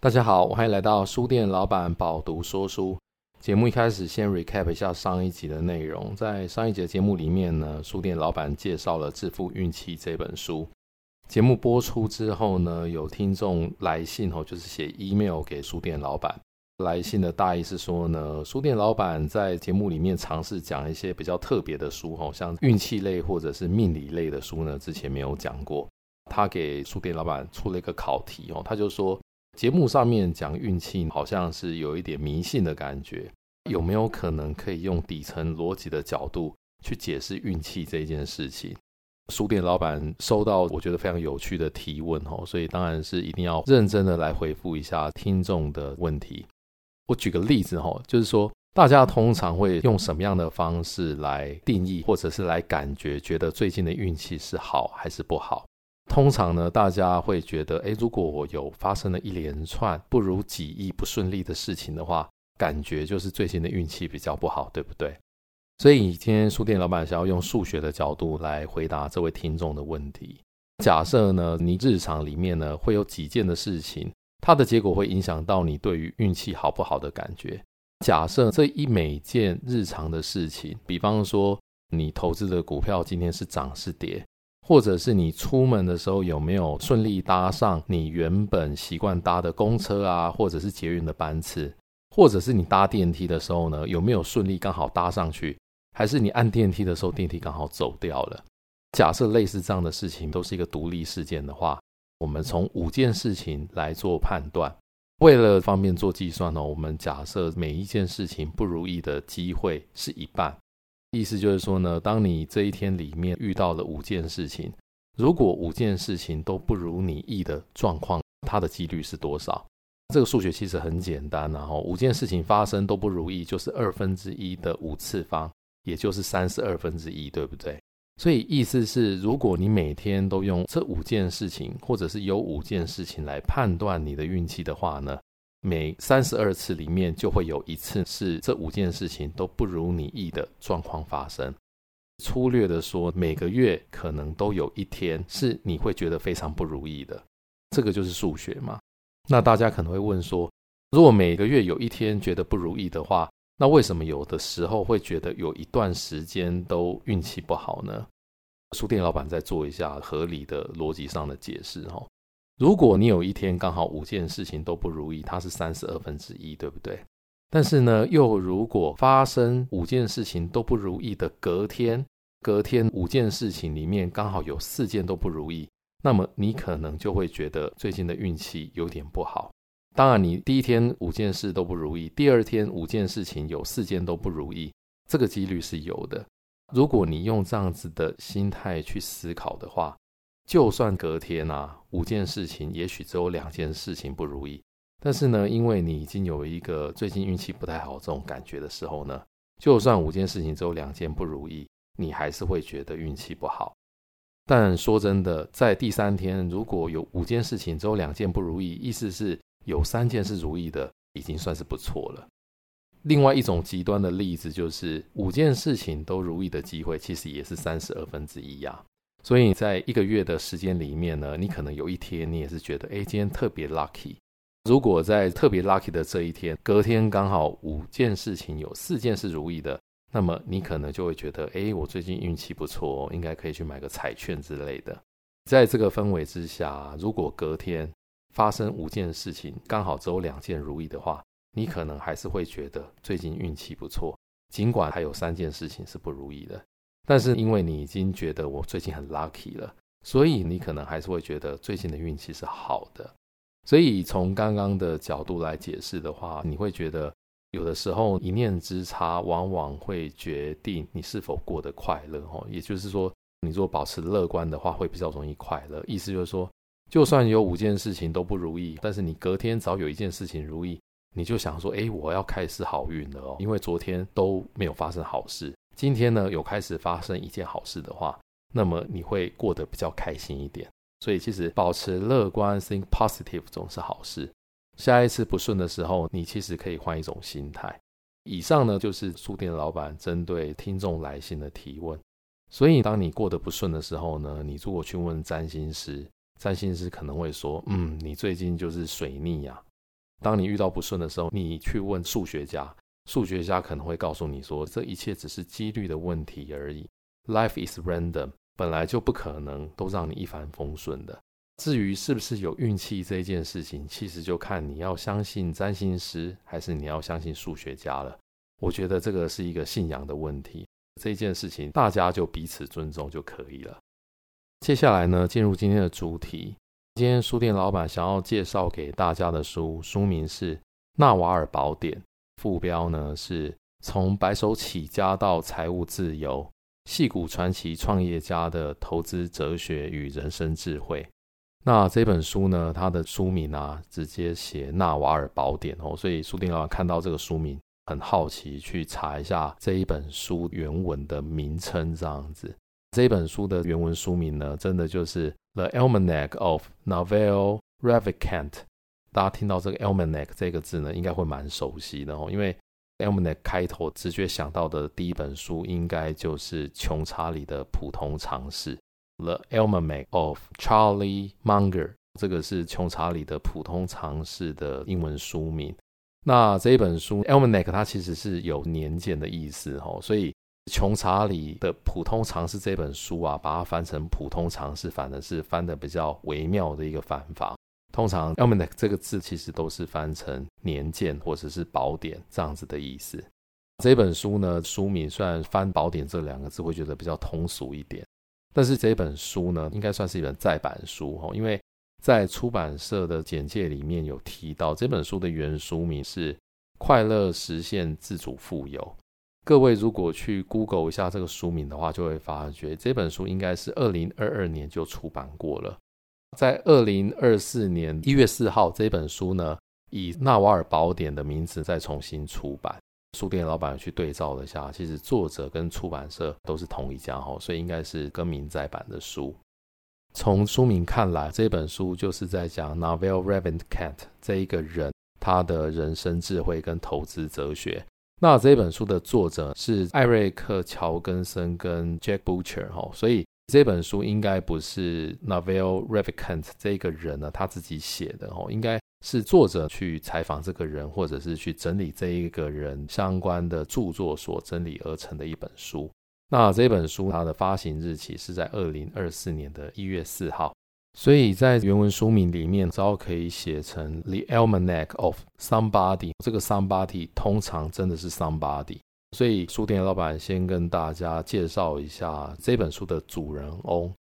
大家好，歡迎來到書店老闆飽讀說書。節目一開始先 recap 一下上一集的內容。在上一集的節目裡面呢，書店老闆介紹了《致富運氣》這本書。節目播出之後呢，有聽眾來信哦，就是寫 email 給書店老闆。來信的大意是說呢，書店老闆在節目裡面嘗試講一些比較特別的書哦，像運氣類或者是命理類的書呢，之前沒有講過。他給書店老闆出了一個考題哦，他就說。節目上面講運氣，好像是有一點迷信的感覺，有沒有可能可以用底層邏輯的角度去解釋運氣這一件事情？書店老闆收到我覺得非常有趣的提問哦，所以當然是一定要認真的來回復一下聽眾的問題。我舉個例子哦，就是說大家通常會用什麼樣的方式來定義，或者是來感覺覺得最近的運氣是好還是不好？通常呢，大家會覺得，誒，如果我有發生了一連串不如己意不順利的事情的話，感覺就是最近的運氣比較不好，對不對？所以今天書店老闆想要用數學的角度來回答這位聽眾的問題。假設呢，你日常裡面呢會有幾件的事情，它的結果會影響到你對於運氣好不好的感覺。假設這一每件日常的事情，比方說你投資的股票今天是漲是跌。或者是你出門的時候有沒有順利搭上你原本習慣搭的公車啊，或者是捷運的班次，或者是你搭電梯的時候呢，有沒有順利剛好搭上去？還是你按電梯的時候電梯剛好走掉了？假設類似這樣的事情都是一個獨立事件的話，我們從五件事情來做判斷。為了方便做計算呢，哦，我們假設每一件事情不如意的機會是一半。意思就是說呢，當你這一天裡面遇到了五件事情，如果五件事情都不如你意的狀況，它的幾率是多少？這個數學其實很簡單啊，然後五件事情發生都不如意就是二分之一的五次方，也就是三十二分之一，對不對？所以意思是，如果你每天都用這五件事情，或者是有五件事情來判斷你的運氣的話呢？每三十二次裡面就會有一次是這五件事情都不如你意的狀況發生。粗略的說，每個月可能都有一天是你會覺得非常不如意的。這個就是數學嘛。那大家可能會問說，如果每個月有一天覺得不如意的話，那為什麼有的時候會覺得有一段時間都運氣不好呢？書店老闆再做一下合理的邏輯上的解釋哈。如果你有一天剛好五件事情都不如意，它是三十二分之一，對不對？但是呢，又如果發生五件事情都不如意的隔天，隔天五件事情裡面剛好有四件都不如意，那麼你可能就會覺得最近的運氣有點不好。當然，你第一天五件事都不如意，第二天五件事情有四件都不如意，這個幾率是有的。如果你用這樣子的心態去思考的話。就算隔天啊，五件事情也許只有兩件事情不如意，但是呢，因為你已經有一個最近運氣不太好這種感覺的時候呢，就算五件事情只有兩件不如意，你還是會覺得運氣不好。但說真的，在第三天如果有五件事情只有兩件不如意，意思是有三件是如意的，已經算是不錯了。另外一種極端的例子就是，五件事情都如意的機會其實也是三十二分之一呀。所以在一個月的時間裡面呢，你可能有一天你也是覺得，誒，今天特別 lucky。如果在特別 lucky 的這一天，隔天剛好五件事情有四件是如意的，那麼你可能就會覺得，誒，我最近運氣不錯，應該可以去買個彩券之類的。在這個氛圍之下，如果隔天發生五件事情，剛好只有兩件如意的話，你可能還是會覺得最近運氣不錯，儘管還有三件事情是不如意的。但是因為你已經覺得我最近很 lucky 了，所以你可能還是會覺得最近的運氣是好的。所以從剛剛的角度來解釋的話，你會覺得有的時候一念之差往往會決定你是否過得快樂。哦。也就是說，你如果保持樂觀的話，會比較容易快樂。意思就是說，就算有五件事情都不如意，但是你隔天早有一件事情如意，你就想說，哎，我要開始好運了哦，因為昨天都沒有發生好事。今天呢，有開始發生一件好事的話，那麼你會過得比較開心一點。所以其實保持樂觀，think positive 總是好事。下一次不順的時候，你其實可以換一種心態。以上呢，就是書店老闆針對聽眾來信的提問。所以當你過得不順的時候呢，你如果去問占星師，占星師可能會說：“嗯，你最近就是水逆呀。”當你遇到不順的時候，你去問數學家。數學家可能會告訴你說，這一切只是幾率的問題而已。Life is random，本來就不可能都讓你一帆風順的。至於是不是有運氣這件事情，其實就看你要相信占星師還是你要相信數學家了。我覺得這個是一個信仰的問題。這件事情，大家就彼此尊重就可以了。接下來呢，進入今天的主題。今天書店老板想要介紹給大家的書，書名是《納瓦爾寶典》。副標呢是從白手起家到財務自由，矽谷傳奇創業家的投資哲學與人生智慧。那這本書呢，它的書名啊，直接寫《納瓦爾寶典》哦。所以書店老板看到這個書名，很好奇去查一下這一本書原文的名稱。這樣子，這本書的原文書名呢，真的就是《The Almanac of Naval Ravikant》大家聽到這個 almanac 這個字呢，應該會蠻熟悉的哦，因為 almanac 開頭直覺想到的第一本書，應該就是《窮查理的普通常識》。The Almanac of Charlie Munger，這個是《窮查理的普通常識》的英文書名。那這一本書 almanac 它其實是有年鑑的意思哦，所以《窮查理的普通常識》這本書啊，把它翻成“普通常識”，反而是翻得比較微妙的一個翻法。通常 “Almanack” 這個字其實都是翻成年鑑或者是寶典這樣子的意思。這本書呢，書名雖然翻“寶典”這兩個字會覺得比較通俗一點，但是這本書呢，應該算是一本再版書哦，因為在出版社的簡介裡面有提到，這本書的原書名是《快樂實現自主富有》。各位如果去 Google 一下這個書名的話，就會發覺這本書應該是二零二二年就出版過了。在二零二四年一月四號，這本書呢以《納瓦爾寶典》的名字再重新出版。書店老闆去對照了一下，其實作者跟出版社都是同一家哈，所以應該是更名再版的書。從書名看來，這本書就是在講 Naval Ravikant 這一個人他的人生智慧跟投資哲學。那這本書的作者是艾瑞克·喬根森跟 Jack Butcher 哈，所以。這本書應該不是 Naval Ravikant 這個人呢、啊、他自己寫的哦，應該是作者去採訪這個人，或者是去整理這一個人相關的著作所整理而成的一本書。那這本書它的發行日期是在二零二四年的一月四號，所以在原文書名裡面只要可以寫成 The Almanac of Somebody。這個 Somebody 通常真的是 Somebody。所以書店老闆先跟大家介紹一下這本書的主人翁、哦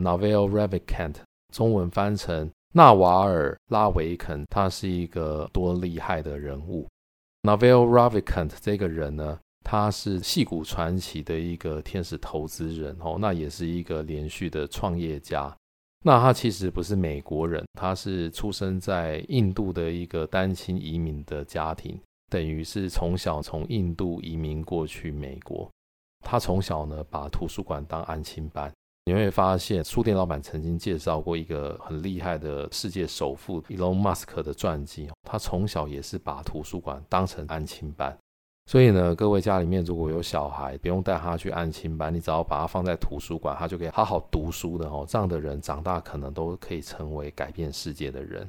，Naval Ravikant，中文翻成納瓦爾拉維肯。他是一個多厲害的人物，Naval Ravikant 這個人呢，他是矽谷傳奇的一個天使投資人哦，那也是一個連續的創業家。那他其實不是美國人，他是出生在印度的一個單親移民的家庭。等於是從小從印度移民過去美國，他從小呢把圖書館當安親班。你會發現，書店老板曾經介紹過一個很厲害的世界首富 Elon Musk 的傳記，他從小也是把圖書館當成安親班。所以呢，各位家裡面如果有小孩，不用帶他去安親班，你只要把他放在圖書館，他就可以好好讀書的哦。這樣的人長大可能都可以成為改變世界的人。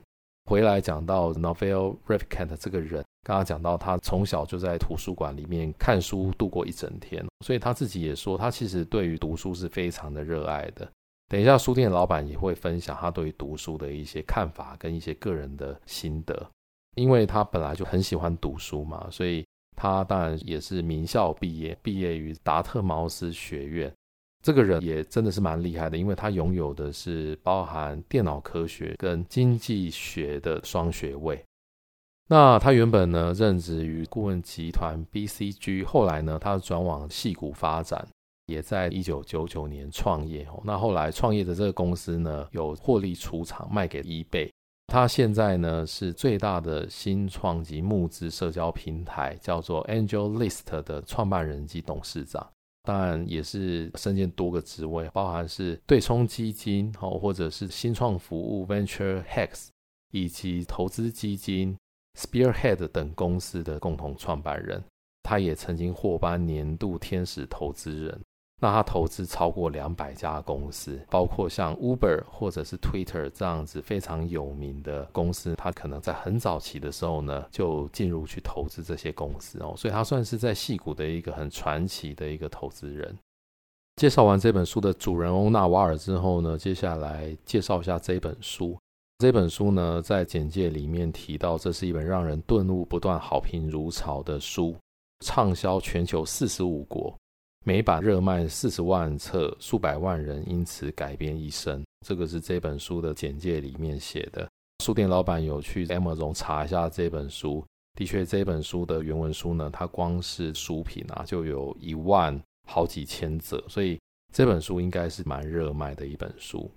回來講到 Naval Ravikant 這個人。剛剛講到他從小就在圖書館裡面看書度過一整天，所以他自己也說他其實對於讀書是非常的熱愛的。等一下書店的老闆也會分享他對於讀書的一些看法跟一些個人的心得，因為他本來就很喜歡讀書嘛，所以他當然也是名校畢業，畢業於達特茅斯學院。這個人也真的是蠻厲害的，因為他擁有的是包含電腦科學跟經濟學的雙學位。那他原本呢，任職於顧問集團 BCG，後來呢，他轉往矽谷發展，也在一九九九年創業。那後來創業的這個公司呢，有獲利出場賣給 eBay。他現在呢，是最大的新創及募資社交平台，叫做 Angel List 的創辦人及董事長。當然也是身兼多個職位，包含是對沖基金哦，或者是新創服務 Venture Hacks 以及投資基金。Spearhead 等公司的共同創辦人，他也曾經獲頒年度天使投資人。那他投資超過兩百家公司，包括像 Uber 或者是 Twitter 這樣子非常有名的公司，他可能在很早期的時候呢就進入去投資這些公司哦，所以他算是在矽谷的一個很傳奇的一個投資人。介紹完這本書的主人翁納瓦爾之後呢，接下來介紹一下這本書。這本書呢，在簡介裡面提到，這是一本讓人頓悟、不斷好評如潮的書，暢銷全球四十五國，每版熱賣四十萬冊，數百萬人因此改變一生。這個是這本書的簡介裡面寫的。書店老闆有去 Amazon 查一下這本書，的確，這本書的原文書呢，它光是書品啊，就有一萬好幾千則，所以這本書應該是蠻熱賣的一本書。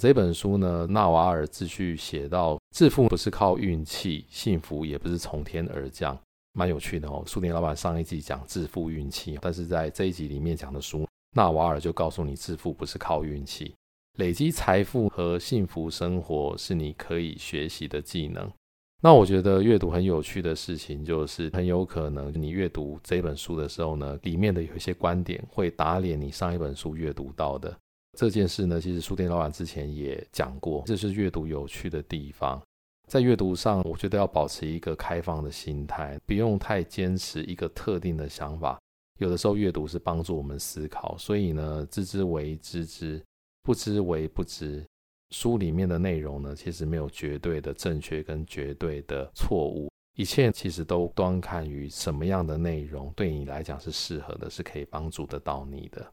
這本書呢，納瓦爾自序寫到，致富不是靠運氣，幸福也不是從天而降，蠻有趣的哦。書店老闆上一集講致富運氣，但是在這一集裡面講的書，納瓦爾就告訴你，致富不是靠運氣，累積財富和幸福生活是你可以學習的技能。那我覺得閱讀很有趣的事情，就是很有可能你閱讀這本書的時候呢，裡面的有一些觀點會打臉你上一本書閱讀到的。這件事呢，其實書店老闆之前也講過，這是閱讀有趣的地方。在閱讀上，我覺得要保持一個開放的心態，不用太堅持一個特定的想法。有的時候，閱讀是幫助我們思考，所以呢，知之為知之，不知為不知。書裡面的內容呢，其實沒有絕對的正確跟絕對的錯誤，一切其實都端看於什麼樣的內容對你來講是適合的，是可以幫助得到你的。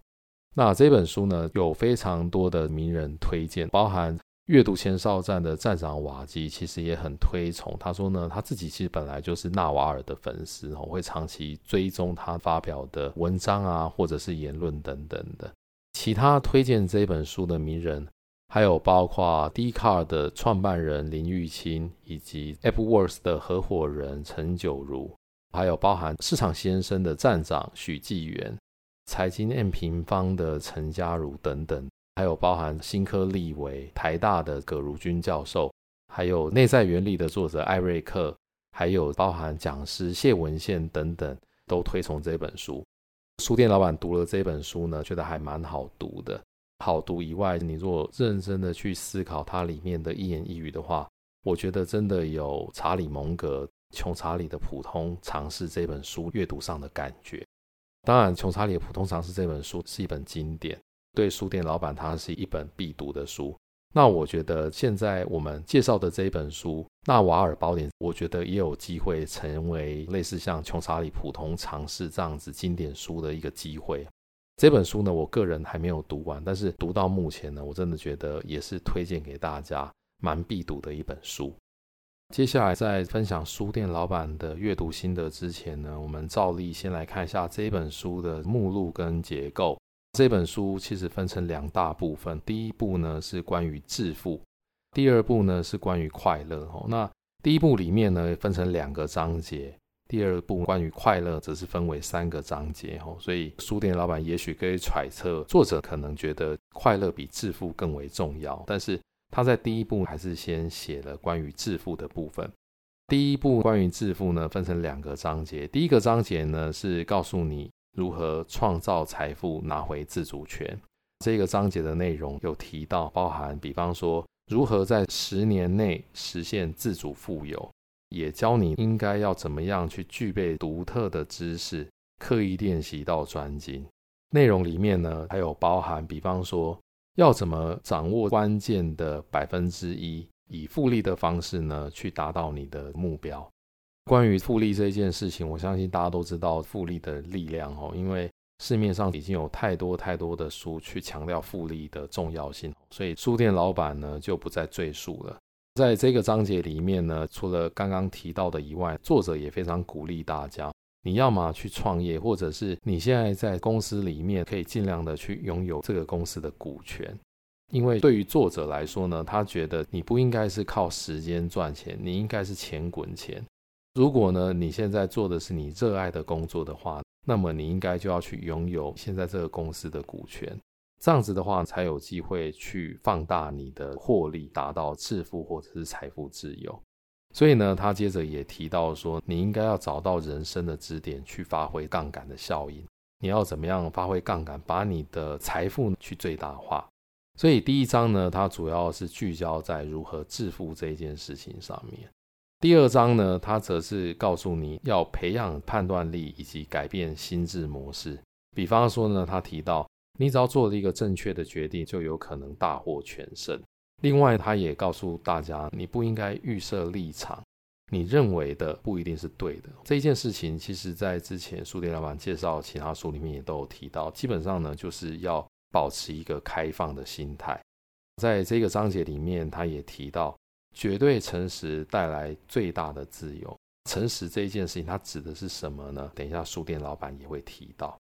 那這本書呢，有非常多的名人推薦，包含閱讀前哨站的站長瓦基，其實也很推崇。他說呢，他自己其實本來就是納瓦爾的粉絲，會長期追蹤他發表的文章啊，或者是言論等等的。其他推薦這本書的名人，還有包括 Dcard 的創辦人林玉清，以及 AppWorks 的合夥人陳九如，還有包含市場先生的站長許繼元。財經 M 平方的陳佳茹等等，還有包含新科立委、台大的葛如鈞教授，還有內在原力的作者愛瑞克，還有包含講師謝文憲等等，都推崇這本書。書店老闆讀了這本書呢，覺得還蠻好讀的。好讀以外，你若認真的去思考它裡面的一言一語的話，我覺得真的有查理蒙格窮查理的普通常識這本書閱讀上的感覺。當然，《窮查理普通常識》這本書是一本經典，對書店老闆，它是一本必讀的書。那我覺得現在我們介紹的這一本書《納瓦爾寶典》，我覺得也有機會成為類似像《窮查理普通常識》這樣子經典書的一個機會。這本書呢，我個人還沒有讀完，但是讀到目前呢，我真的覺得也是推薦給大家蠻必讀的一本書。接下來在分享書店老闆的閱讀心得之前呢，我們照例先來看一下這本書的目錄跟結構。這本書其實分成兩大部分，第一部呢是關於致富，第二部呢是關於快樂哦。那第一部裡面呢分成兩個章節，第二部關於快樂則是分為三個章節哦。所以書店老闆也許可以揣測，作者可能覺得快樂比致富更為重要，但是。他在第一部還是先寫了關於致富的部分。第一部關於致富呢，分成兩個章節。第一個章節呢，是告訴你如何創造財富、拿回自主權。這個章節的內容有提到，包含比方說如何在十年內實現自主富有，也教你應該要怎麼樣去具備獨特的知識，刻意練習到專精。內容裡面呢，還有包含比方說，要怎麼掌握關鍵的百分之一，以複利的方式呢，去達到你的目標？關於複利這件事情，我相信大家都知道複利的力量哦，因為市面上已經有太多太多的書去強調複利的重要性，所以書店老闆呢就不再贅述了。在這個章節裡面呢，除了剛剛提到的以外，作者也非常鼓勵大家。你要麼去創業，或者是你現在在公司裡面可以儘量的去擁有這個公司的股權，因為對於作者來說呢，他覺得你不應該是靠時間賺錢，你應該是錢滾錢。如果呢你現在做的是你熱愛的工作的話，那麼你應該就要去擁有現在這個公司的股權，這樣子的話才有機會去放大你的獲利，達到致富或者是財富自由。所以呢，他接着也提到說，你應該要找到人生的支點，去發揮槓桿的效應。你要怎麼樣發揮槓桿，把你的財富去最大化？所以第一章呢，它主要是聚焦在如何致富這件事情上面。第二章呢，它則是告訴你要培養判斷力以及改變心智模式。比方說呢，他提到，你只要做了一個正確的決定，就有可能大獲全勝。另外，他也告訴大家，你不應該預設立場，你認為的不一定是對的。這一件事情，其實在之前書店老闆介紹其他書裡面也都有提到。基本上呢，就是要保持一個開放的心態。在這個章節裡面，他也提到，絕對誠實帶來最大的自由。誠實這一件事情，它指的是什麼呢？等一下，書店老闆也會提到。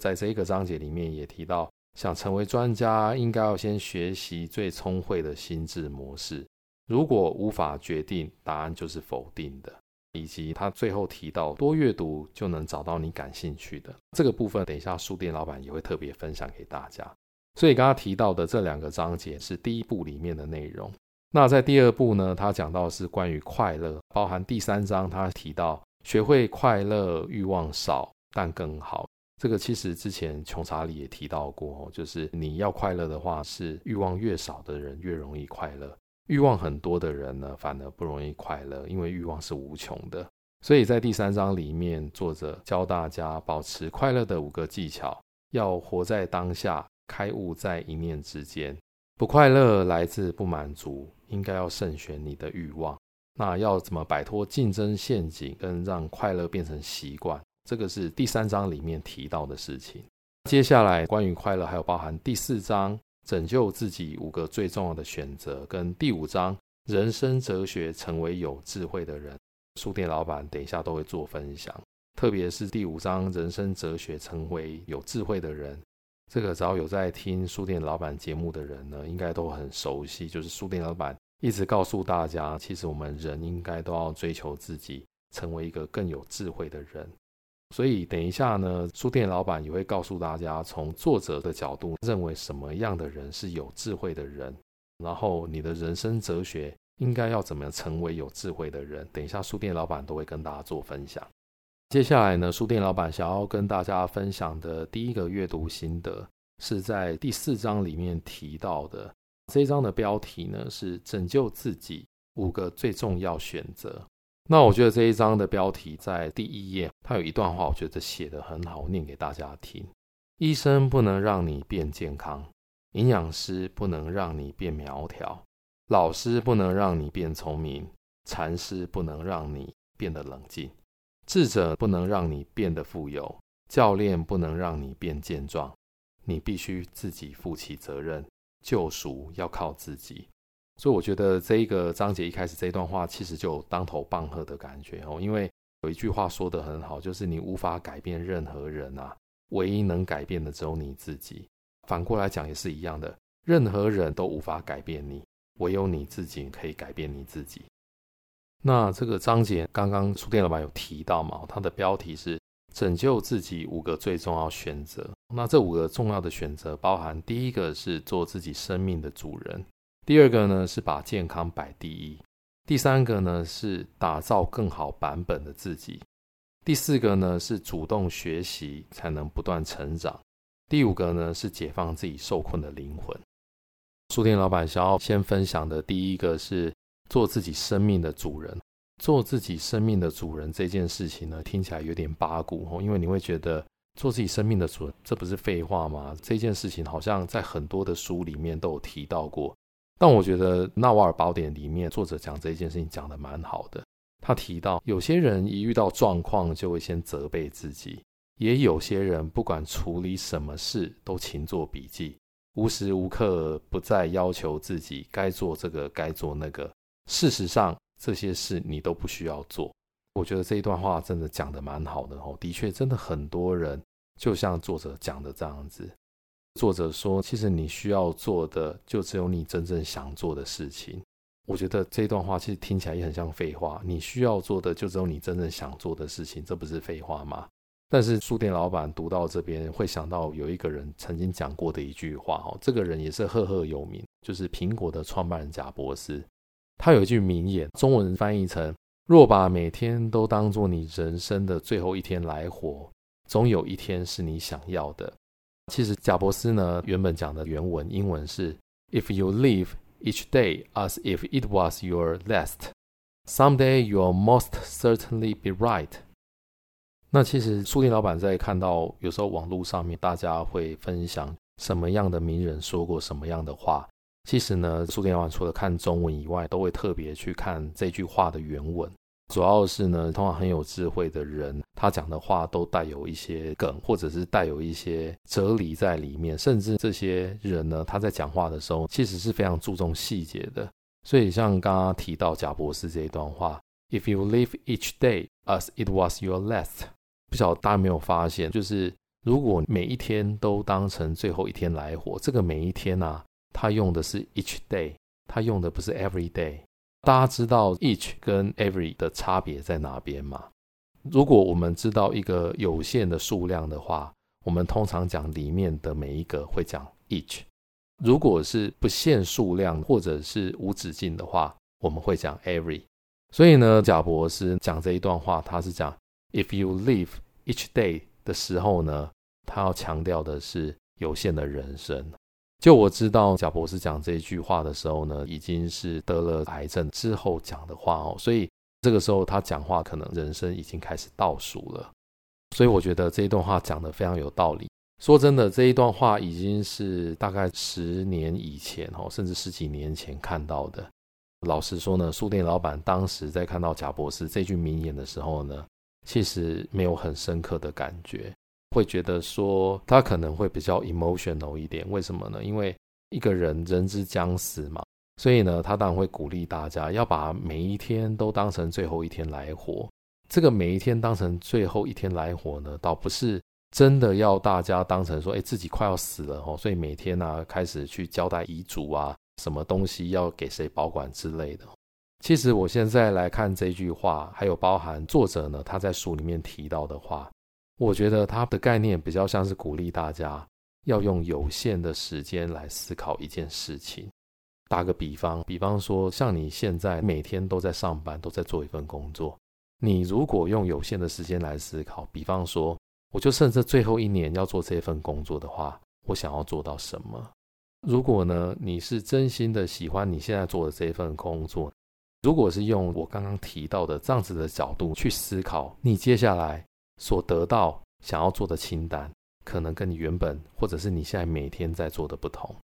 在這個章節裡面也提到，想成為專家，應該要先學習最聰慧的心智模式。如果無法決定，答案就是否定的。以及他最後提到，多閱讀就能找到你感興趣的這個部分。等一下，書店老闆也會特別分享給大家。所以，剛剛提到的這兩個章節是第一部裡面的內容。那在第二部呢？他講到的是關於快樂，包含第三章，他提到學會快樂，慾望少但更好。這個其實之前窮查理也提到過，就是你要快樂的話，是欲望越少的人越容易快樂，欲望很多的人呢反而不容易快樂，因為欲望是無窮的。所以在第三章裡面，作者教大家保持快樂的五個技巧：要活在當下，開悟在一念之間，不快樂來自不滿足，應該要慎選你的欲望。那要怎麼擺脫競爭陷阱，跟讓快樂變成習慣？這個是第三章裡面提到的事情。接下來關於快樂，還有包含第四章拯救自己五個最重要的選擇，跟第五章人生哲學成為有智慧的人，書店老闆等一下都會做分享。特別是第五章人生哲學成為有智慧的人，這個只要有在聽書店老闆節目的人呢，應該都很熟悉。就是書店老闆一直告訴大家，其實我們人應該都要追求自己成為一個更有智慧的人。所以等一下呢，書店老闆也會告訴大家，從作者的角度認為什麼樣的人是有智慧的人，然後你的人生哲學應該要怎麼樣成為有智慧的人。等一下，書店老闆都會跟大家做分享。接下來呢，書店老闆想要跟大家分享的第一個閱讀心得是在第四章裡面提到的。這一章的標題呢是“拯救自己五個最重要選擇”。那我覺得這一章的標題在第一頁，它有一段話，我覺得寫得很好，念給大家聽。醫生不能讓你變健康，營養師不能讓你變苗條，老師不能讓你變聰明，禪師不能讓你變得冷靜，智者不能讓你變得富有，教練不能讓你變健壯，你必須自己負起責任，救贖要靠自己。所以我覺得這一個章節一開始這段話，其實就當頭棒喝的感覺哦。因為有一句話說得很好，就是你無法改變任何人啊，唯一能改變的只有你自己。反過來講也是一樣的，任何人都無法改變你，唯有你自己可以改變你自己。那這個章節，剛剛書店老闆有提到嘛，他的標題是“拯救自己五個最重要選擇”。那這五個重要的選擇，包含第一個是做自己生命的主人。第二個呢是把健康擺第一，第三個呢是打造更好版本的自己，第四個呢是主動學習才能不斷成長，第五個呢是解放自己受困的靈魂。書店老闆想要先分享的第一個是做自己生命的主人。做自己生命的主人這件事情呢，聽起來有點八股哦，因為你會覺得做自己生命的主人，這不是廢話嗎？這件事情好像在很多的書裡面都有提到過。但我覺得《納瓦爾寶典》裡面作者講這一件事情講得蠻好的。他提到，有些人一遇到狀況就會先責備自己，也有些人不管處理什麼事都勤做筆記，無時無刻不在要求自己該做這個該做那個。事實上，這些事你都不需要做。我覺得這一段話真的講得蠻好的哦，的確，真的很多人就像作者講的這樣子。作者說：“其實你需要做的就只有你真正想做的事情。”我覺得這段話其實聽起來也很像廢話。你需要做的就只有你真正想做的事情，這不是廢話嗎？但是書店老闆讀到這邊會想到有一個人曾經講過的一句話哦，這個人也是赫赫有名，就是蘋果的創辦人賈伯斯。他有一句名言，中文翻譯成：“若把每天都當作你人生的最後一天來活，總有一天是你想要的。”其實，賈伯斯呢，原本講的原文英文是 "If you live each day as if it was your last, someday you'll most certainly be right." 那其實，書店老闆在看到有時候網絡上面大家會分享什麼樣的名人說過什麼樣的話，其實呢，書店老闆除了看中文以外，都會特別去看這句話的原文。主要是呢，通常很有智慧的人，他講的話都帶有一些梗，或者是帶有一些哲理在裡面。甚至這些人呢，他在講話的時候，其實是非常注重細節的。所以像剛剛提到賈伯斯這一段話，If you live each day as it was your last，不曉得大家有沒有發現，就是如果每一天都當成最後一天來活，這個每一天啊，他用的是 each day，他用的不是 every day。大家知道 each 跟 every 的差別在哪邊嗎？如果我們知道一個有限的數量的話，我們通常講裡面的每一個會講 each；如果是不限數量或者是無止境的話，我們會講 every。所以呢，賈伯斯講這一段話，他是講 if you live each day 的時候呢，他要強調的是有限的人生。就我知道，賈博士講這句話的時候呢，已經是得了癌症之後講的話哦。所以這個時候他講話，可能人生已經開始倒數了。所以我覺得這一段話講得非常有道理。說真的，這一段話已經是大概十年以前哦，甚至十幾年前看到的。老實說呢，書店老闆當時在看到賈博士這句名言的時候呢，其實沒有很深刻的感覺。會覺得說他可能會比較 emotional 一點，為什麼呢？因為一個人人之將死嘛，所以呢，他當然會鼓勵大家要把每一天都當成最後一天來活。這個每一天當成最後一天來活呢，倒不是真的要大家當成說，哎，自己快要死了哦，所以每天呢，啊，開始去交代遺囑啊，什麼東西要給誰保管之類的。其實我現在來看這句話，還有包含作者呢，他在書裡面提到的話。我覺得它的概念比較像是鼓勵大家要用有限的時間來思考一件事情。打個比方，比方說像你現在每天都在上班，都在做一份工作。你如果用有限的時間來思考，比方說，我就剩這最後一年要做這份工作的話，我想要做到什麼？如果呢，你是真心的喜歡你現在做的這份工作，如果是用我剛剛提到的這樣子的角度去思考，你接下來，所得到，想要做的清單，可能跟你原本或者是你現在每天在做的不同，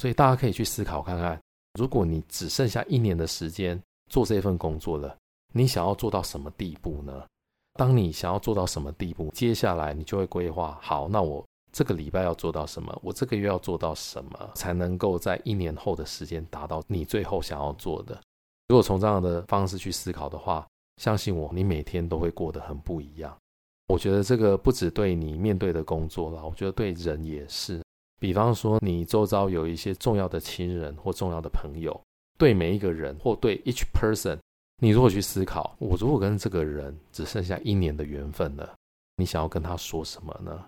所以大家可以去思考看看，如果你只剩下一年的時間做這份工作了，你想要做到什麼地步呢？當你想要做到什麼地步，接下來你就會規劃。好，那我這個禮拜要做到什麼？我這個月要做到什麼才能夠在一年後的時間達到你最後想要做的。如果從這樣的方式去思考的話，相信我，你每天都會過得很不一樣。我覺得這個不只對你面對的工作啦，我覺得對人也是。比方說，你周遭有一些重要的親人或重要的朋友，對每一個人或對 each person，你如果去思考，我如果跟這個人只剩下一年的緣分了，你想要跟他說什麼呢？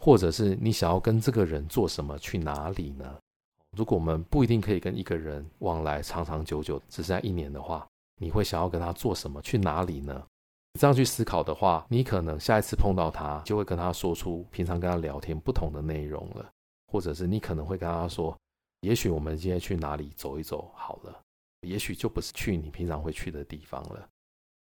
或者是你想要跟這個人做什麼、去哪裡呢？如果我們不一定可以跟一個人往來長長久久，只剩下一年的話，你會想要跟他做什麼、去哪裡呢？這樣去思考的話，你可能下一次碰到他，就會跟他說出平常跟他聊天不同的內容了。或者是你可能會跟他說，也許我們今天去哪裡走一走好了，也許就不是去你平常會去的地方了。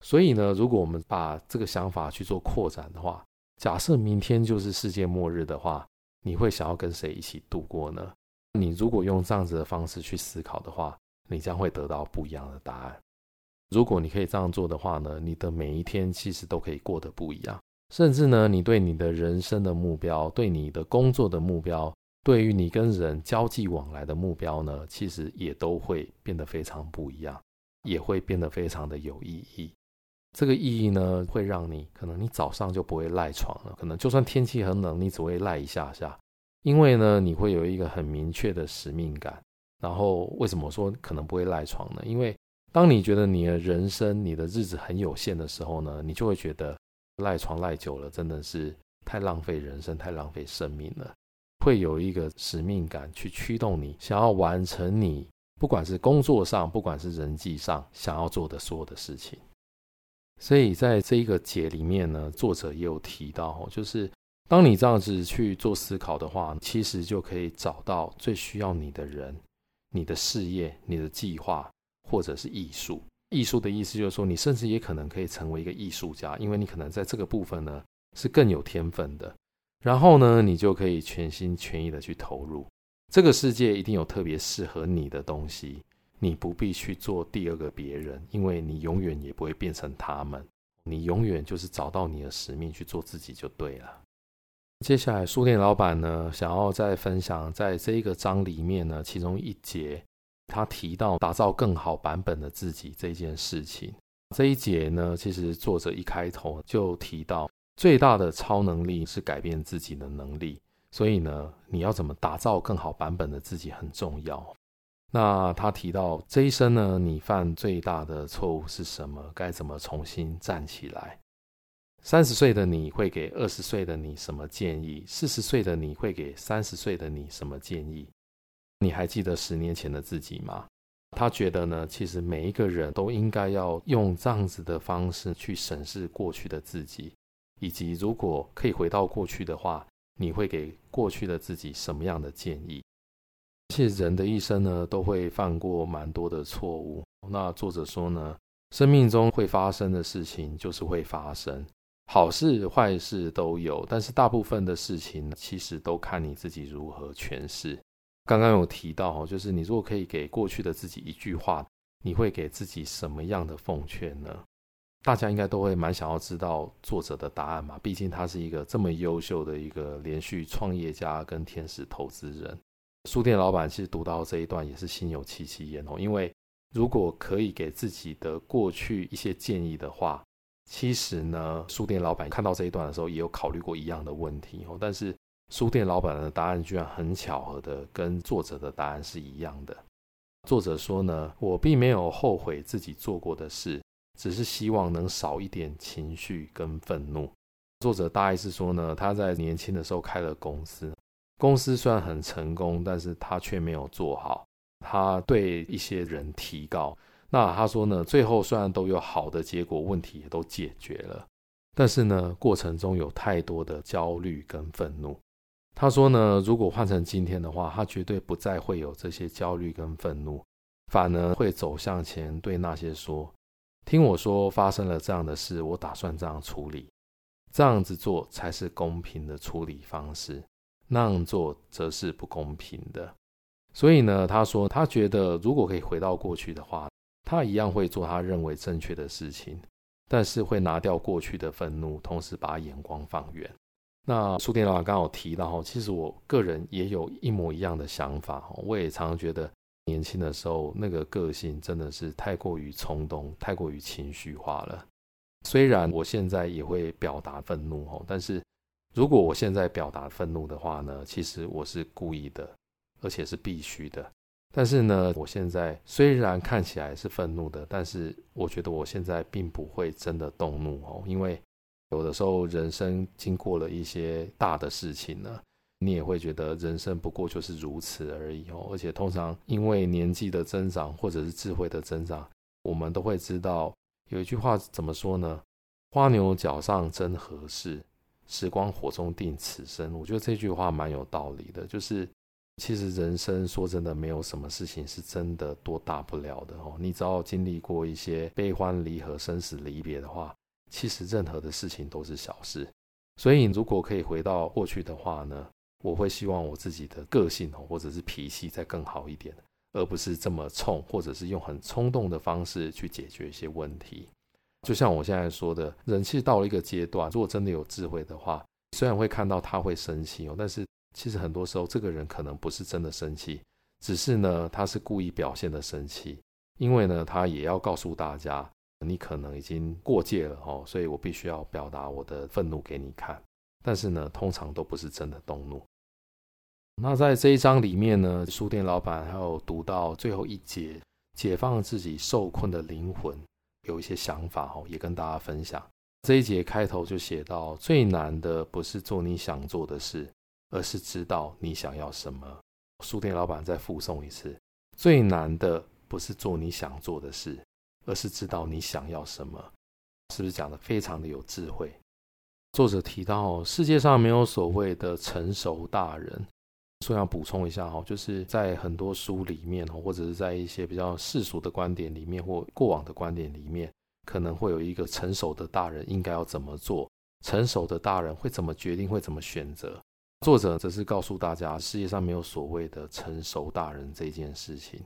所以呢，如果我們把這個想法去做擴展的話，假設明天就是世界末日的話，你會想要跟誰一起度過呢？你如果用這樣子的方式去思考的話，你將會得到不一樣的答案。如果你可以這樣做的話呢，你的每一天其實都可以過得不一樣，甚至呢，你對你的人生的目標、對你的工作的目標、對於你跟人交際往來的目標呢，其實也都會變得非常不一樣，也會變得非常的有意義。這個意義呢，會讓你可能你早上就不會賴床了，可能就算天氣很冷，你只會賴一下下，因為呢，你會有一個很明確的使命感。然後為什麼說可能不會賴床呢？因為當你覺得你的人生、你的日子很有限的時候呢，你就會覺得賴床賴久了，真的是太浪費人生、太浪費生命了。會有一個使命感去驅動你，想要完成你不管是工作上，不管是人際上，想要做的所有的事情。所以在這一個節裡面呢，作者也有提到，就是當你這樣子去做思考的話，其實就可以找到最需要你的人、你的事業、你的計劃。或者是藝術，藝術的意思就是說，你甚至也可能可以成為一個藝術家，因為你可能在這個部分呢是更有天分的。然後呢，你就可以全心全意的去投入。這個世界一定有特別適合你的東西，你不必去做第二個別人，因為你永遠也不會變成他們，你永遠就是找到你的使命去做自己就對了。接下來，書店老闆呢，想要再分享在這一個章裡面呢，其中一節。他提到打造更好版本的自己這件事情，這一節呢，其實作者一開頭就提到最大的超能力是改變自己的能力，所以呢，你要怎麼打造更好版本的自己很重要。那他提到這一生呢，你犯最大的錯誤是什麼？該怎麼重新站起來？三十歲的你會給二十歲的你什麼建議？四十歲的你會給三十歲的你什麼建議？你還記得十年前的自己嗎？他覺得呢，其實每一個人都應該要用這樣子的方式去審視過去的自己，以及如果可以回到過去的話，你會給過去的自己什麼樣的建議？其實人的一生呢，都會犯過蠻多的錯誤。那作者說呢，生命中會發生的事情就是會發生，好事壞事都有，但是大部分的事情其實都看你自己如何詮釋。剛剛有提到哦，就是你如果可以給過去的自己一句話，你會給自己什麼樣的奉勸呢？大家應該都會蠻想要知道作者的答案嘛，畢竟他是一個這麼優秀的一個連續創業家跟天使投資人。書店老闆其實讀到這一段也是心有戚戚焉哦，因為如果可以給自己的過去一些建議的話，其實呢，書店老闆看到這一段的時候也有考慮過一樣的問題哦，但是。書店老闆的答案居然很巧合的跟作者的答案是一樣的。作者說呢，我並沒有後悔自己做過的事，只是希望能少一點情緒跟憤怒。作者大意是說呢，他在年輕的時候開了公司，公司雖然很成功，但是他卻沒有做好。他對一些人提告，那他說呢，最後雖然都有好的結果，問題也都解決了，但是呢，過程中有太多的焦慮跟憤怒。他說呢，如果換成今天的話，他絕對不再會有這些焦慮跟憤怒，反而會走向前，對那些說：“聽我說，發生了這樣的事，我打算這樣處理，這樣子做才是公平的處理方式，那樣做則是不公平的。”所以呢，他說他覺得，如果可以回到過去的話，他一樣會做他認為正確的事情，但是會拿掉過去的憤怒，同時把眼光放遠。那書店老闆剛好提到哈，其實我個人也有一模一樣的想法哦，我也常常覺得年輕的時候那個個性真的是太過於衝動，太過於情緒化了。雖然我現在也會表達憤怒哦，但是如果我現在表達憤怒的話呢，其實我是故意的，而且是必須的。但是呢，我現在雖然看起來是憤怒的，但是我覺得我現在並不會真的動怒哦，因為。有的時候，人生經過了一些大的事情呢，你也會覺得人生不過就是如此而已哦。而且通常因為年紀的增長，或者是智慧的增長，我們都會知道有一句話怎麼說呢？“蝸牛角上爭何事，石火光中寄此身。”我覺得這句話蠻有道理的，就是其實人生說真的沒有什麼事情是真的多大不了的哦。你只要經歷過一些悲歡離合、生死離別的話。其實任何的事情都是小事，所以如果可以回到過去的話呢，我會希望我自己的個性哦，或者是脾氣再更好一點，而不是這麼衝，或者是用很衝動的方式去解決一些問題。就像我現在說的，人氣到了一個階段，如果真的有智慧的話，雖然會看到他會生氣哦，但是其實很多時候這個人可能不是真的生氣，只是呢他是故意表現的生氣，因為呢他也要告訴大家，你可能已經過界了哦，所以我必須要表達我的憤怒給你看。但是呢，通常都不是真的動怒。那在這一章裡面呢，書店老板還有讀到最後一節，解放自己受困的靈魂，有一些想法哦，也跟大家分享。這一節開頭就寫到：最難的不是做你想做的事，而是知道你想要什麼。書店老板再附送一次：最難的不是做你想做的事。而是知道你想要什麼，是不是講得非常的有智慧？作者提到，世界上沒有所謂的成熟大人。所以要補充一下哈，就是在很多書裡面哈，或者是在一些比較世俗的觀點裡面，或過往的觀點裡面，可能會有一個成熟的大人應該要怎麼做，成熟的大人會怎麼決定，會怎麼選擇。作者則是告訴大家，世界上沒有所謂的成熟大人這件事情。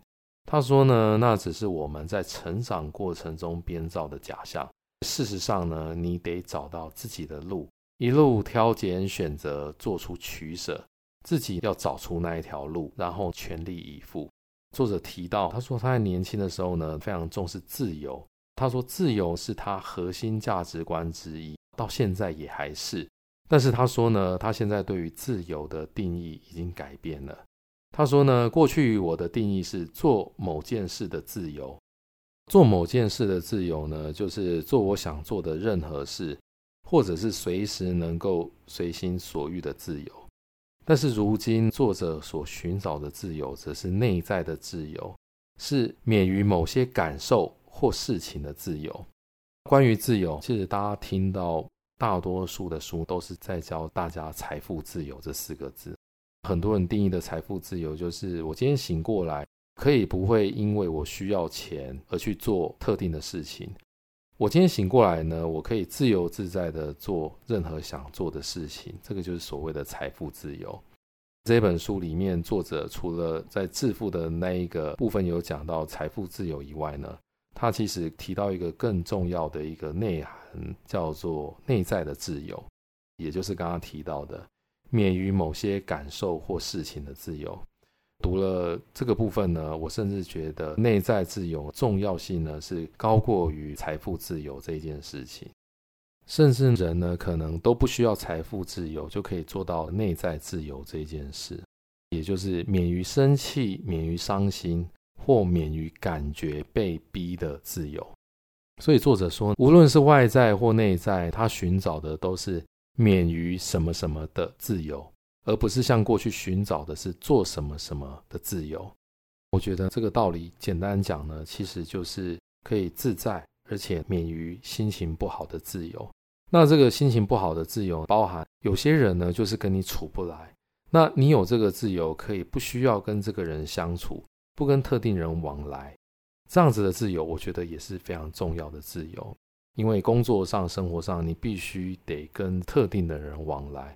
他說呢，那只是我們在成長過程中編造的假象。事實上呢，你得找到自己的路，一路挑揀選擇，做出取捨，自己要找出那一條路，然後全力以赴。作者提到，他說他在年輕的時候呢，非常重視自由。他說，自由是他核心價值觀之一，到現在也還是。但是他說呢，他現在對於自由的定義已經改變了。他說呢，過去我的定義是做某件事的自由，做某件事的自由呢，就是做我想做的任何事，或者是隨時能夠隨心所欲的自由。但是如今，作者所尋找的自由，則是內在的自由，是免於某些感受或事情的自由。關於自由，其實大家聽到大多數的書都是在教大家“財富自由”這四個字。很多人定義的財富自由，就是我今天醒過來，可以不會因為我需要錢而去做特定的事情。我今天醒過來呢，我可以自由自在的做任何想做的事情。這個就是所謂的財富自由。這本書裡面，作者除了在致富的那一個部分有講到財富自由以外呢，他其實提到一個更重要的一個內涵，叫做內在的自由，也就是剛剛提到的。免於某些感受或事情的自由。讀了這個部分呢，我甚至覺得內在自由重要性呢是高過於財富自由這件事情。甚至人呢，可能都不需要財富自由就可以做到內在自由這件事，也就是免於生氣、免於傷心或免於感覺被逼的自由。所以作者說，無論是外在或內在，他尋找的都是。免於什麼什麼的自由，而不是像過去尋找的是做什麼什麼的自由。我覺得這個道理簡單講呢，其實就是可以自在，而且免於心情不好的自由。那這個心情不好的自由，包含有些人呢就是跟你處不來，那你有這個自由，可以不需要跟這個人相處，不跟特定人往來，這樣子的自由，我覺得也是非常重要的自由。因為工作上、生活上，你必須得跟特定的人往來，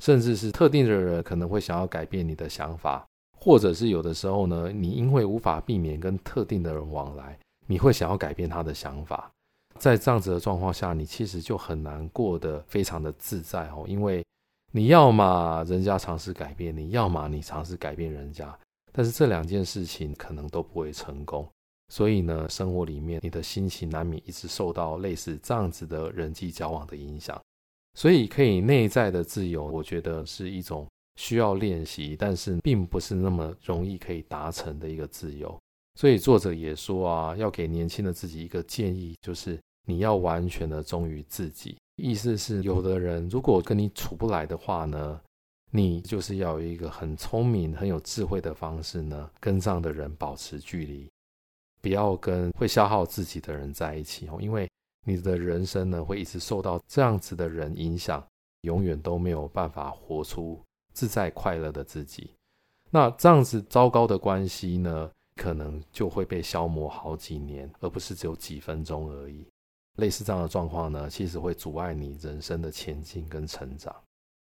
甚至是特定的人可能會想要改變你的想法，或者是有的時候呢，你因為無法避免跟特定的人往來，你會想要改變他的想法。在這樣子的狀況下，你其實就很難過得非常的自在哦，因為你要嘛人家嘗試改變你，要嘛你嘗試改變人家，但是這兩件事情可能都不會成功。所以呢，生活裡面你的心情難免一直受到類似這樣子的人際交往的影響，所以可以內在的自由，我覺得是一種需要練習，但是並不是那麼容易可以達成的一個自由。所以作者也說啊，要給年輕的自己一個建議，就是你要完全的忠於自己。意思是，有的人如果跟你處不來的話呢，你就是要有一個很聰明、很有智慧的方式呢，跟這樣的人保持距離。不要跟會消耗自己的人在一起哦，因為你的人生呢，會一直受到這樣子的人影響，永遠都沒有辦法活出自在快樂的自己。那這樣子糟糕的關係呢，可能就會被消磨好幾年，而不是只有幾分鐘而已。類似這樣的狀況呢，其實會阻礙你人生的前進跟成長。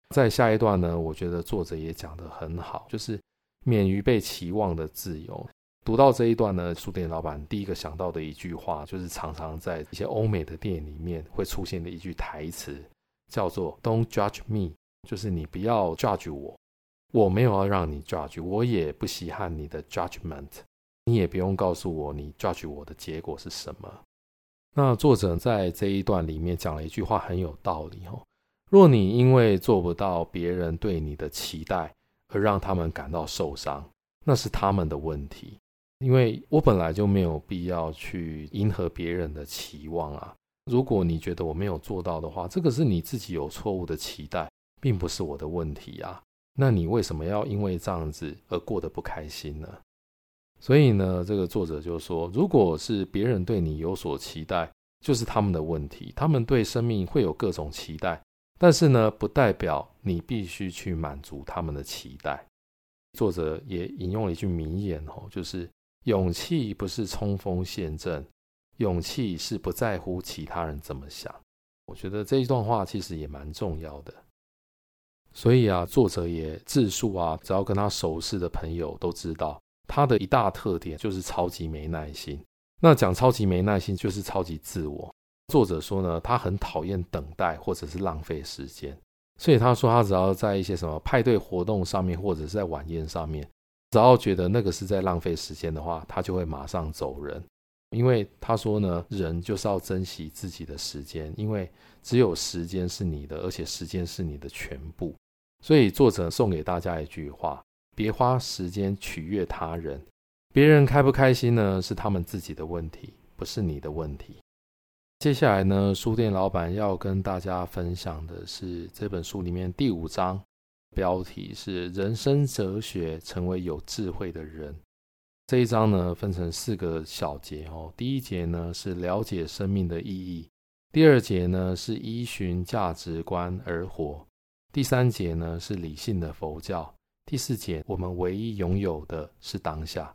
在下一段呢，我覺得作者也講得很好，就是免於被期望的自由。讀到這一段呢，書店老板第一個想到的一句話，就是常常在一些歐美的電影裡面會出現的一句台詞，叫做 "Don't judge me"，就是你不要 judge 我，我沒有要讓你 judge，我也不稀罕你的 judgment，你也不用告訴我你 judge 我的結果是什麼。那作者在這一段裡面講了一句話，很有道理哦。若你因為做不到別人對你的期待而讓他們感到受傷，那是他們的問題。因為我本來就沒有必要去迎合別人的期望啊！如果你覺得我沒有做到的話，這個是你自己有錯誤的期待，並不是我的問題啊！那你為什麼要因為這樣子而過得不開心呢？所以呢，這個作者就說，如果是別人對你有所期待，就是他們的問題，他們對生命會有各種期待，但是呢，不代表你必須去滿足他們的期待。作者也引用了一句名言哦，就是。勇氣不是衝鋒陷陣，勇氣是不在乎其他人怎麼想。我覺得這一段話其實也蠻重要的。所以啊，作者也自述啊，只要跟他熟識的朋友都知道，他的一大特點就是超級沒耐心。那講超級沒耐心，就是超級自我。作者說呢，他很討厭等待或者是浪費時間，所以他說他只要在一些什麼派對活動上面，或者是在晚宴上面。只要覺得那個是在浪費時間的話，他就會馬上走人。因為他說呢，人就是要珍惜自己的時間，因為只有時間是你的，而且時間是你的全部。所以作者送給大家一句話：別花時間取悅他人。別人開不開心呢，是他們自己的問題，不是你的問題。接下來呢，書店老闆要跟大家分享的是這本書裡面第五章。標題是人生哲學，成為有智慧的人。這一章呢，分成四個小節哦。第一節呢是了解生命的意義，第二節呢是依循價值觀而活，第三節呢是理性的佛教，第四節我們唯一擁有的是當下。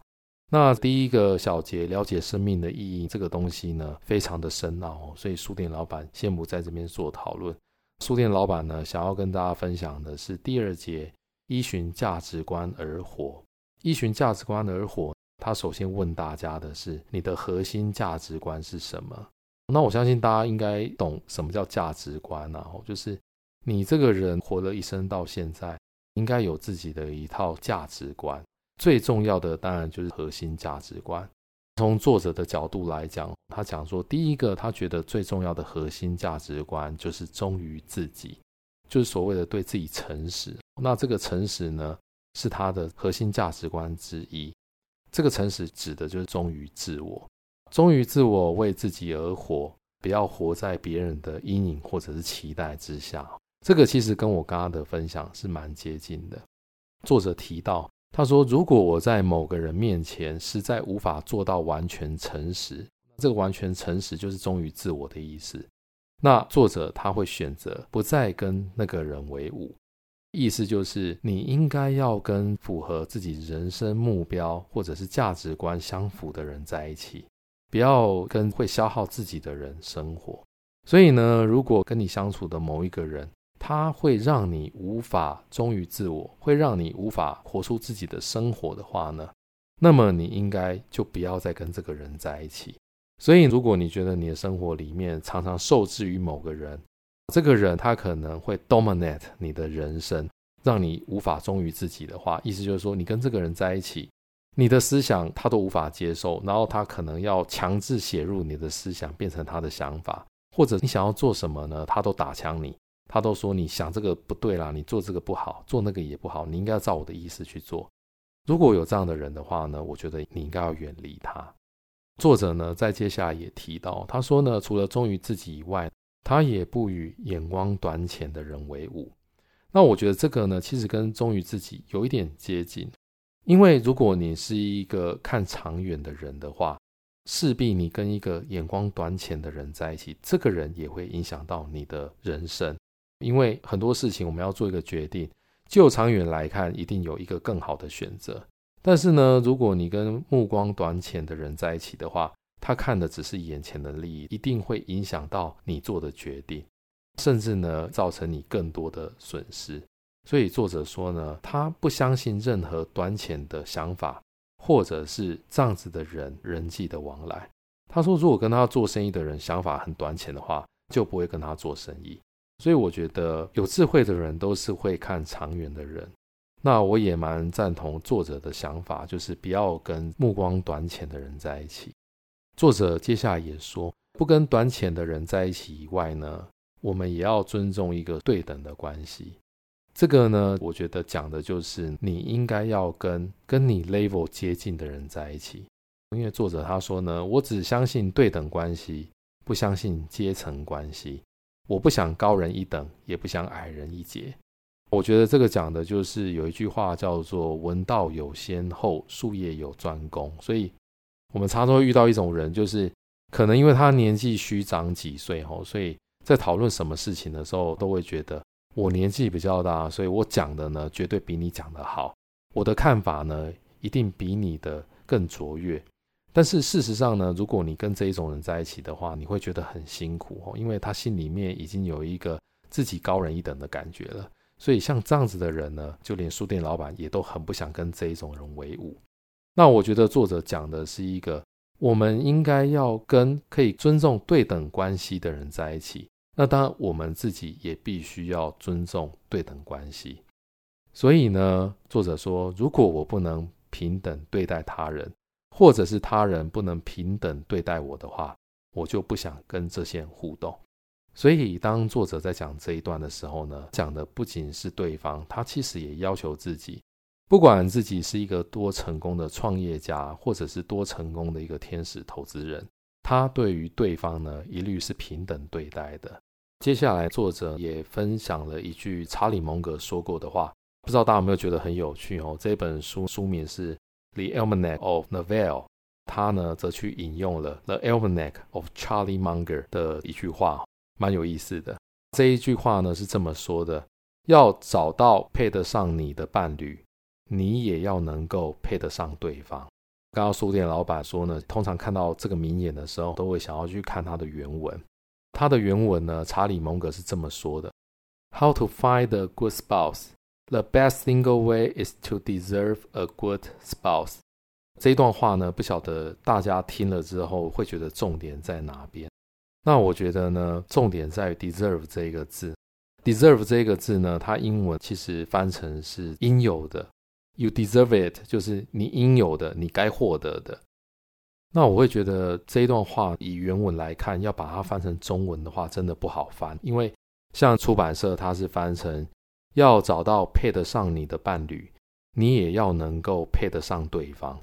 那第一個小節了解生命的意義這個東西呢，非常的深奧哦，所以書店老闆先不在這邊做討論。書店老板呢，想要跟大家分享的是第二節：依循價值觀而活。依循價值觀而活，他首先問大家的是：你的核心價值觀是什麼？那我相信大家應該懂什麼叫價值觀啊，就是你這個人活了一生到現在，應該有自己的一套價值觀。最重要的當然就是核心價值觀。從作者的角度來講，他講說，第一個，他覺得最重要的核心價值觀就是忠於自己，就是所謂的對自己誠實。那這個誠實呢，是他的核心價值觀之一。這個誠實指的就是忠於自我，忠於自我，為自己而活，不要活在別人的陰影或者是期待之下。這個其實跟我剛剛的分享是蠻接近的。作者提到。他說：“如果我在某個人面前實在無法做到完全誠實，這個完全誠實就是忠於自我的意思。那作者他會選擇不再跟那個人為伍，意思就是你應該要跟符合自己人生目標或者是價值觀相符的人在一起，不要跟會消耗自己的人生活。所以呢，如果跟你相處的某一個人……”他會讓你無法忠於自我，會讓你無法活出自己的生活的話呢，那麼你應該就不要再跟這個人在一起。所以，如果你覺得你的生活裡面常常受制於某個人，這個人他可能會 dominate 你的人生，讓你無法忠於自己的話，意思就是說，你跟這個人在一起，你的思想他都無法接受，然後他可能要強制寫入你的思想，變成他的想法，或者你想要做什麼呢？他都打槍你。他都說你想這個不對啦，你做這個不好，做那個也不好，你應該要照我的意思去做。如果有這樣的人的話呢，我覺得你應該要遠離他。作者呢，在接下來也提到，他說呢，除了忠於自己以外，他也不與眼光短淺的人為伍。那我覺得這個呢，其實跟忠於自己有一點接近，因為如果你是一個看長遠的人的話，勢必你跟一個眼光短淺的人在一起，這個人也會影響到你的人生。因為很多事情我們要做一個決定，就長遠來看，一定有一個更好的選擇。但是呢，如果你跟目光短淺的人在一起的話，他看的只是眼前的利益，一定會影響到你做的決定，甚至呢，造成你更多的損失。所以作者說呢，他不相信任何短淺的想法，或者是這樣子的人人際的往來。他說，如果跟他做生意的人想法很短淺的話，就不會跟他做生意。所以我覺得有智慧的人都是會看長遠的人。那我也蠻贊同作者的想法，就是不要跟目光短淺的人在一起。作者接下來也說，不跟短淺的人在一起以外呢，我們也要尊重一個對等的關係。這個呢，我覺得講的就是你應該要跟跟你 level 接近的人在一起。因為作者他說呢，我只相信對等關係，不相信階層關係。我不想高人一等，也不想矮人一截。我覺得這個講的就是有一句話叫做“聞道有先後，術業有專攻”。所以，我們常常會遇到一種人，就是可能因為他年紀虛長幾歲吼，所以在討論什麼事情的時候，都會覺得我年紀比較大，所以我講的呢絕對比你講的好，我的看法呢一定比你的更卓越。但是事實上呢，如果你跟這一種人在一起的話，你會覺得很辛苦哦，因為他心裡面已經有一個自己高人一等的感覺了。所以像這樣子的人呢，就連書店老闆也都很不想跟這一種人為伍。那我覺得作者講的是一個，我們應該要跟可以尊重對等關係的人在一起。那當然，我們自己也必須要尊重對等關係。所以呢，作者說，如果我不能平等對待他人。或者是他人不能平等對待我的話，我就不想跟這些人互動。所以，當作者在講這一段的時候呢，講的不僅是對方，他其實也要求自己，不管自己是一個多成功的創業家，或者是多成功的一個天使投資人，他對於對方呢，一律是平等對待的。接下來，作者也分享了一句查理·蒙格說過的話，不知道大家有沒有覺得很有趣哦？這本書書名是。The Almanac of Naval，他呢則去引用了 The Almanac of Charlie Munger 的一句話，蠻有意思的。這一句話呢是這麼說的：要找到配得上你的伴侶，你也要能夠配得上對方。剛剛書店老闆說呢，通常看到這個名言的時候，都會想要去看他的原文。他的原文呢，查理蒙格是這麼說的：How to find a good spouse。The best single way is to deserve a good spouse。這一段話呢，不曉得大家聽了之後會覺得重點在哪邊？那我覺得呢，重點在於 deserve 這一個字。deserve 這個字呢，它英文其實翻成是應有的。You deserve it，就是你應有的，你該獲得的。那我會覺得這一段話以原文來看，要把它翻成中文的話，真的不好翻，因為像出版社它是翻成。要找到配得上你的伴侶，你也要能夠配得上對方。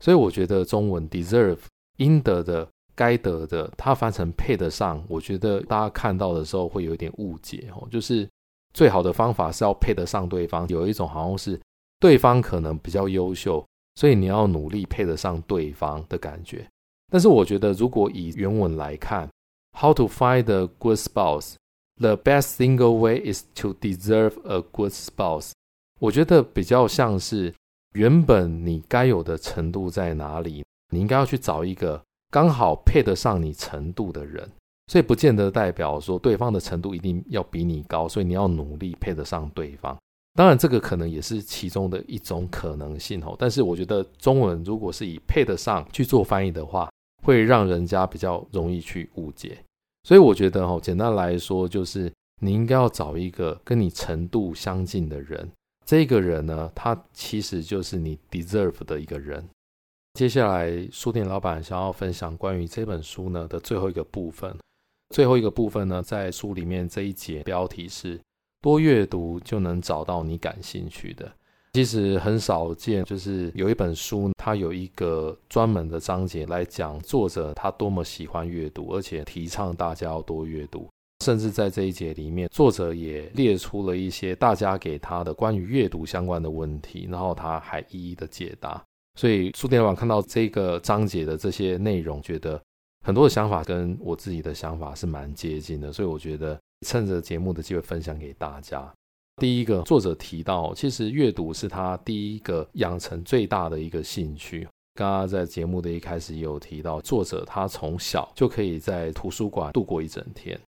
所以我覺得中文 deserve 應得的、該得的，它翻成配得上，我覺得大家看到的時候會有一點誤解哦。就是最好的方法是要配得上對方，有一種好像是對方可能比較優秀，所以你要努力配得上對方的感覺。但是我覺得如果以原文來看，How to find the good spouse。The best single way is to deserve a good spouse。我覺得比較像是原本你該有的程度在哪裡，你應該要去找一個剛好配得上你程度的人。所以不見得代表說對方的程度一定要比你高，所以你要努力配得上對方。當然，這個可能也是其中的一種可能性哦。但是我覺得中文如果是以配得上去做翻譯的話，會讓人家比較容易去誤解。所以我覺得、哦，哈，簡單來說，就是你應該要找一個跟你程度相近的人。這個人呢，他其實就是你 deserve 的一個人。接下來，書店老板想要分享關於這本書呢的最後一個部分。最後一個部分呢，在書裡面這一節標題是“多閱讀就能找到你感興趣的”。其實很少見，就是有一本書，它有一個專門的章節來講作者他多麼喜歡閱讀，而且提倡大家要多閱讀。甚至在這一節裡面，作者也列出了一些大家給他的關於閱讀相關的問題，然後他還一一的解答。所以書店老闆看到這個章節的這些內容，覺得很多的想法跟我自己的想法是蠻接近的，所以我覺得趁着節目的機會分享給大家。第一個作者提到，其實閱讀是他第一個養成最大的一個興趣。剛剛在節目的一開始也有提到，作者他從小就可以在圖書館度過一整天。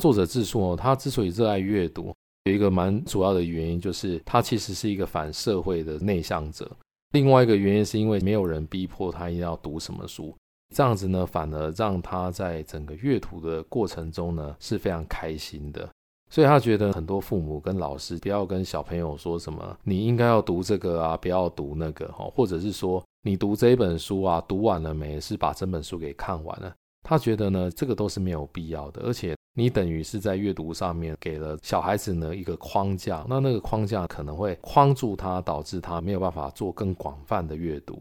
作者自述哦，他之所以熱愛閱讀，有一個蠻主要的原因，就是他其實是一個反社會的內向者。另外一個原因是因為沒有人逼迫他一定要讀什麼書，這樣子呢，反而讓他在整個閱讀的過程中呢是非常開心的。所以他覺得很多父母跟老師，不要跟小朋友說什麼你應該要讀這個啊，不要讀那個哈，或者是說你讀這本書啊，讀完了沒，是把整本書給看完了。他覺得呢，這個都是沒有必要的，而且你等於是在閱讀上面給了小孩子呢一個框架，那那個框架可能會框住他，導致他沒有辦法做更廣泛的閱讀。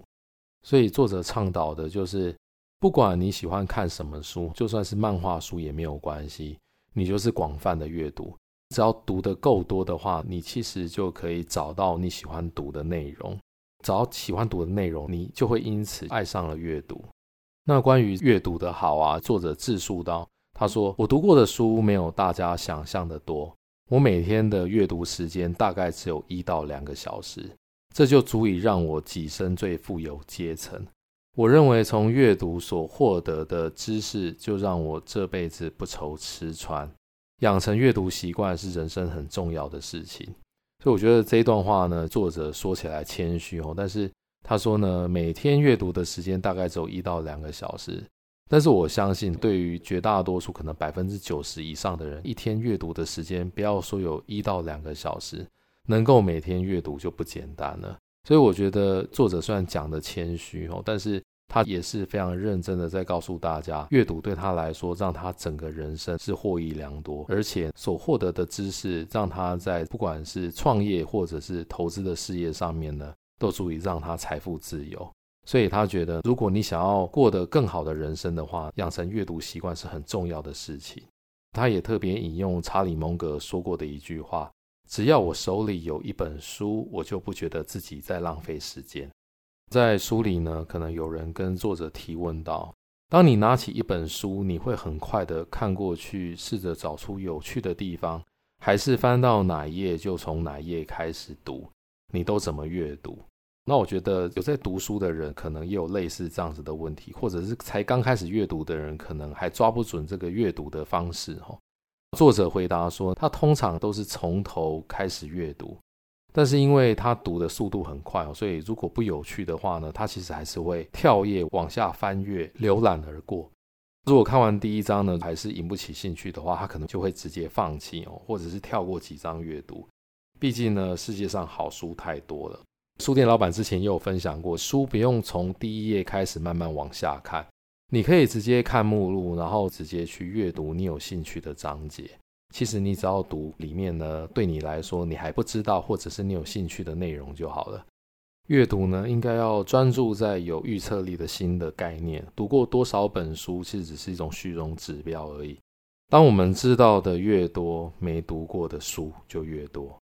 所以作者倡導的就是，不管你喜歡看什麼書，就算是漫畫書也沒有關係。你就是廣泛的閱讀，只要讀得夠多的話，你其實就可以找到你喜歡讀的內容。只要喜歡讀的內容，你就會因此愛上了閱讀。那關於閱讀的好啊，作者自述道，他說我讀過的書沒有大家想象的多，我每天的閱讀時間大概只有一到兩個小時，這就足以讓我躋身最富有階層。我認為從閱讀所獲得的知識，就讓我這輩子不愁吃穿。養成閱讀習慣是人生很重要的事情，所以我覺得這一段話呢，作者說起來謙虛哦，但是他說呢，每天閱讀的時間大概只有一到兩個小時。但是我相信，對於絕大多數可能百分之九十以上的人，一天閱讀的時間，不要說有一到兩個小時，能夠每天閱讀就不簡單了。所以我覺得作者雖然講的謙虛哦，但是他也是非常認真的在告訴大家，閱讀對他來說，讓他整個人生是獲益良多，而且所獲得的知識，讓他在不管是創業或者是投資的事業上面呢，都足以讓他財富自由。所以他覺得，如果你想要過得更好的人生的話，養成閱讀習慣是很重要的事情。他也特別引用查理·蒙格說過的一句話。只要我手裡有一本書，我就不覺得自己在浪費時間。在書裡呢，可能有人跟作者提問到：當你拿起一本書，你會很快地看過去，試着找出有趣的地方，還是翻到哪一頁就從哪一頁開始讀？你都怎麼閱讀？那我覺得有在讀書的人，可能也有類似這樣子的問題，或者是才剛開始閱讀的人，可能還抓不準這個閱讀的方式，吼作者回答說，他通常都是從頭開始閱讀，但是因為他讀的速度很快哦，所以如果不有趣的話呢，他其實還是會跳頁往下翻閱、瀏覽而過。如果看完第一章呢，還是引不起興趣的話，他可能就會直接放棄哦，或者是跳過幾章閱讀。畢竟呢，世界上好書太多了。書店老闆之前也有分享過，書不用從第一頁開始慢慢往下看。你可以直接看目錄，然後直接去閱讀你有興趣的章節。其實你只要讀裡面呢，對你來說你還不知道，或者是你有興趣的內容就好了。閱讀呢，應該要專注在有預測力的新的概念。讀過多少本書，其實只是一種虛榮指標而已。當我們知道的越多，沒讀過的書就越多。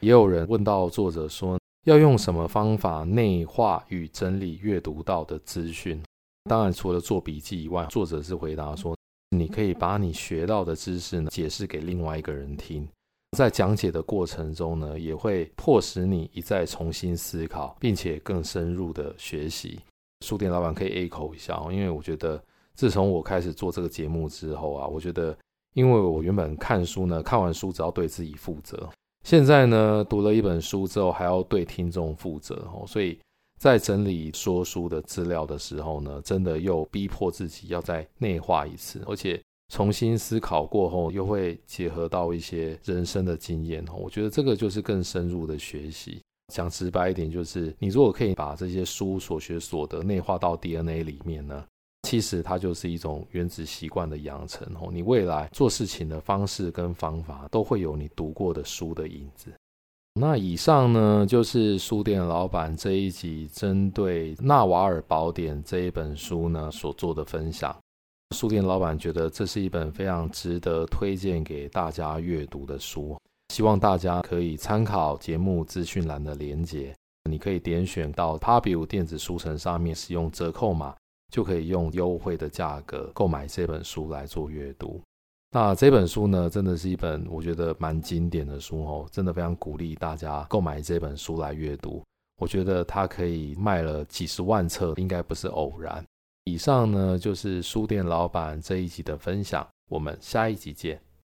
也有人問到作者說，要用什麼方法內化與整理閱讀到的資訊？當然，除了做筆記以外，作者是回答說：“你可以把你學到的知識呢，解釋給另外一個人聽，在講解的過程中呢，也會迫使你一再重新思考，並且更深入的學習。”書店老板可以 echo 一下哦，因為我覺得，自從我開始做這個節目之後啊，我覺得，因為我原本看書呢，看完書只要對自己負責，現在呢，讀了一本書之後，還要對聽眾負責哦，所以。在整理說書的資料的時候呢，真的又逼迫自己要再內化一次，而且重新思考過後，又會結合到一些人生的經驗哦。我覺得這個就是更深入的學習。講直白一點，就是你如果可以把這些書所學所得內化到 DNA 裡面呢，其實它就是一種原子習慣的養成哦。你未來做事情的方式跟方法都會有你讀過的書的影子。那以上呢，就是書店老闆這一集針對《納瓦爾寶典》這一本書呢所做的分享。書店老闆覺得這是一本非常值得推薦給大家閱讀的書，希望大家可以參考節目資訊欄的鏈接，你可以點選到 Pubu 電子書城上面，使用折扣碼就可以用優惠的價格購買這本書來做閱讀。那這本書呢，真的是一本我覺得蠻經典的書哦，真的非常鼓勵大家購買這本書來閱讀。我覺得它可以賣了幾十萬冊，應該不是偶然。以上呢，就是書店老板這一集的分享，我們下一集見。